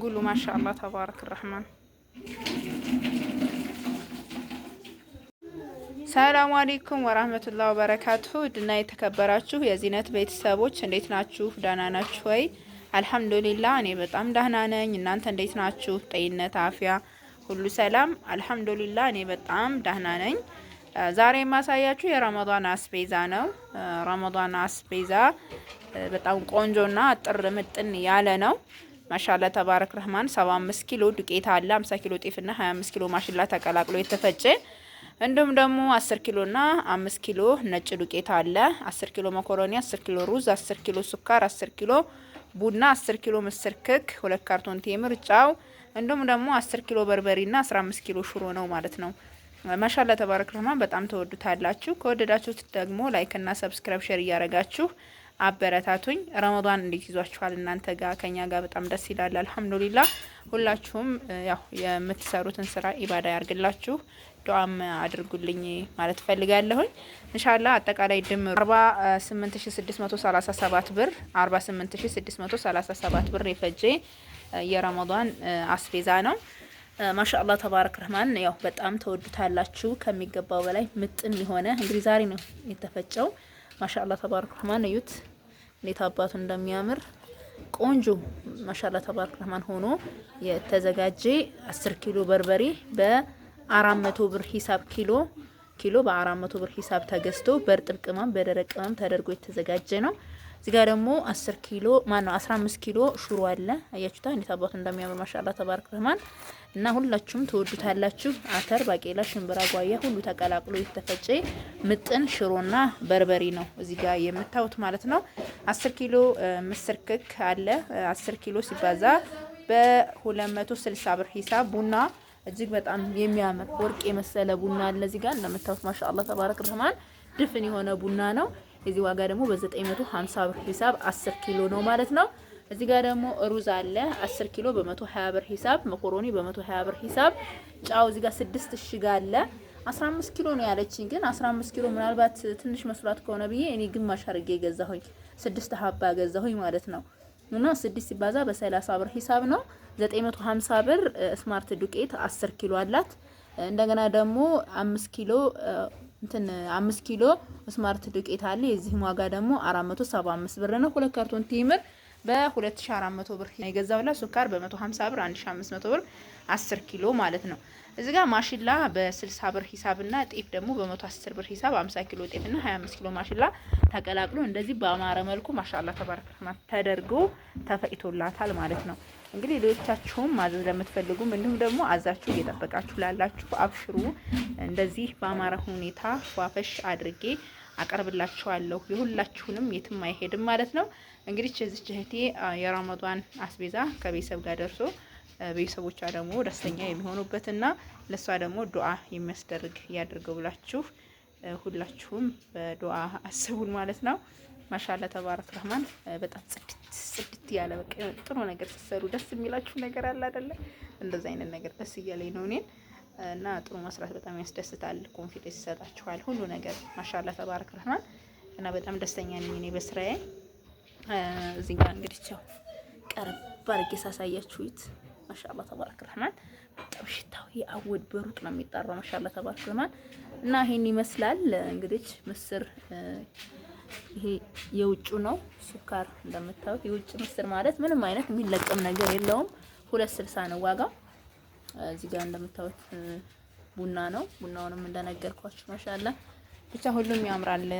ጉሉ ማሻአላ ተባረክ ረህማን። ሰላሙ አሌይኩም ወራህመቱላ ወበረካቱሁ። ድና የተከበራችሁ የዚነት ቤተሰቦች እንዴት ናችሁ? ዳህና ናችሁ ወይ? አልሐምዱሊላ እኔ በጣም ዳህና ነኝ። እናንተ እንዴት ናችሁ? ጤንነት አፍያ፣ ሁሉ ሰላም? አልሐምዱሊላ እኔ በጣም ዳህና ነኝ። ዛሬ የማሳያችሁ የረመዳን አስቤዛ ነው። ረመዳን አስቤዛ በጣም ቆንጆና አጥር ምጥን ያለ ነው። ማሻላ ተባረክ ረህማን 75 ኪሎ ዱቄት አለ 50 ኪሎ ጤፍና 25 ኪሎ ማሽላ ተቀላቅሎ የተፈጨ እንዲሁም ደግሞ 10 ኪሎና 5 ኪሎ ነጭ ዱቄት አለ 10 ኪሎ መኮሮኒ 10 ኪሎ ሩዝ 10 ኪሎ ሱካር 10 ኪሎ ቡና 10 ኪሎ ምስር ክክ ሁለት ካርቶን ቴምር ጫው እንዲሁም ደግሞ 10 ኪሎ በርበሬና 15 ኪሎ ሽሮ ነው ማለት ነው። ማሻላ ተባረክ ረህማን በጣም ተወዱታላችሁ። ከወደዳችሁት ደግሞ ላይክና ሰብስክራይብ ሼር እያረጋችሁ አበረታቱኝ። ረመዷን እንዴት ይዟችኋል? እናንተ ጋር ከኛ ጋር በጣም ደስ ይላል። አልሐምዱሊላ ሁላችሁም ያው የምትሰሩትን ስራ ኢባዳ ያርግላችሁ። ዱዓም አድርጉልኝ ማለት ፈልጋለሁኝ። እንሻላ አጠቃላይ ድምሩ 48637 ብር 48637 ብር የፈጀ የረመዷን አስቤዛ ነው። ማሻአላ ተባረክ ረህማን። ያው በጣም ተወዱታላችሁ ከሚገባው በላይ ምጥን የሆነ እንግዲህ ዛሬ ነው የተፈጨው። ማሻአላ ተባረክ ረህማን እዩት። እንዴት አባቱ እንደሚያምር ቆንጆ ማሻላ ተባረክ ረህማን ሆኖ የተዘጋጀ 10 ኪሎ በርበሬ በ400 ብር ሂሳብ ኪሎ ኪሎ በ400 ብር ሂሳብ ተገዝቶ በእርጥብ ቅመም በደረቅ ቅመም ተደርጎ የተዘጋጀ ነው። እዚህ ጋር ደግሞ 10 ኪሎ ማን ነው 15 ኪሎ ሽሮ አለ። አያችሁታ እንዴት አባቱ እንደሚያምር ማሻአላ ተባረክ ረህማን። እና ሁላችሁም ትወዱታላችሁ። አተር፣ ባቄላ፣ ሽምብራ፣ ጓያ ሁሉ ተቀላቅሎ የተፈጨ ምጥን ሽሮና በርበሬ ነው እዚህ ጋር የምታዩት ማለት ነው። 10 ኪሎ ምስር ክክ አለ። 10 ኪሎ ሲባዛ በ260 ብር ሂሳብ ቡና እጅግ በጣም የሚያምር ወርቅ የመሰለ ቡና አለ እዚህ ጋር እንደምታዩት ማሻአላ ተባረክ ረህማን ድፍን የሆነ ቡና ነው። የዚህ ዋጋ ደግሞ በ950 ብር ሂሳብ 10 ኪሎ ነው ማለት ነው። እዚህ ጋር ደግሞ ሩዝ አለ 10 ኪሎ በ120 ብር ሂሳብ፣ መኮሮኒ በ120 ብር ሂሳብ፣ ጫው እዚህ ጋር 6 እሽግ አለ 15 ኪሎ ነው ያለችኝ። ግን 15 ኪሎ ምናልባት ትንሽ መስራት ከሆነ ብዬ እኔ ግማሽ አድርጌ ገዛሁኝ፣ ስድስት ሀባ ገዛሁኝ ማለት ነው። እና 6 ሲባዛ በ30 ብር ሂሳብ ነው 950 ብር። ስማርት ዱቄት 10 ኪሎ አላት። እንደገና ደግሞ 5 ኪሎ እንትን አምስት ኪሎ ስማርት ዱቄት አለ። የዚህም ዋጋ ደግሞ 475 ብር ነው። ሁለት ካርቶን ቲምር በ2400 ብር የገዛውላት ሱካር በ150 ብር 1500 ብር 10 ኪሎ ማለት ነው። እዚህ ጋር ማሽላ በ60 ብር ሂሳብና ጤፍ ደግሞ በ110 ብር ሂሳብ 50 ኪሎ ጤፍና 25 ኪሎ ማሽላ ተቀላቅሎ እንደዚህ በአማረ መልኩ ማሻላ ተባረክ ተደርጎ ተፈጭቶላታል ማለት ነው። እንግዲህ ሌሎቻችሁም ማዘዝ ለምትፈልጉም እንዲሁም ደግሞ አዛችሁ እየጠበቃችሁ ላላችሁ አብሽሩ። እንደዚህ በአማረ ሁኔታ ዋፈሽ አድርጌ አቀርብላችኋለሁ። የሁላችሁንም የትም አይሄድም ማለት ነው። እንግዲህ እዚች እህቴ የረመዷን አስቤዛ ከቤተሰብ ጋር ደርሶ ቤተሰቦቿ ደግሞ ደስተኛ የሚሆኑበትና ለእሷ ደግሞ ዱዓ የሚያስደርግ ያድርገው ብላችሁ ሁላችሁም በዱዓ አስቡን ማለት ነው። ማሻላ ተባረክ ረህማን። በጣም ጽድት ጽድት ያለ በቃ ጥሩ ነገር ሲሰሩ ደስ የሚላችሁ ነገር አለ አይደለ? እንደዛ አይነት ነገር ደስ እያለኝ ነው እኔን እና ጥሩ መስራት በጣም ያስደስታል። ኮንፊደንስ ይሰጣችኋል። ሁሉ ነገር ማሻላ ተባረክ ረህማን እና በጣም ደስተኛ ነኝ እኔ በስራዬ። እዚህ ጋር እንግዲህ ቻው ቀረብ ባርጌ ሳሳያችሁት ማሻላ ተባረክ ረህማን። በጣም ሽታው የአወድ በሩቅ ነው የሚጠራው። ማሻላ ተባረክ ረህማን እና ይሄን ይመስላል እንግዲህ ምስር ይሄ የውጭ ነው። ሱካር እንደምታዩት የውጭ ምስር ማለት ምንም አይነት የሚለቀም ነገር የለውም። ሁለት ስልሳ ነው ዋጋው እዚህ ጋር እንደምታዩት ቡና ነው። ቡናውንም እንደነገርኳችሁ ማሻላ ብቻ ሁሉም ያምራል።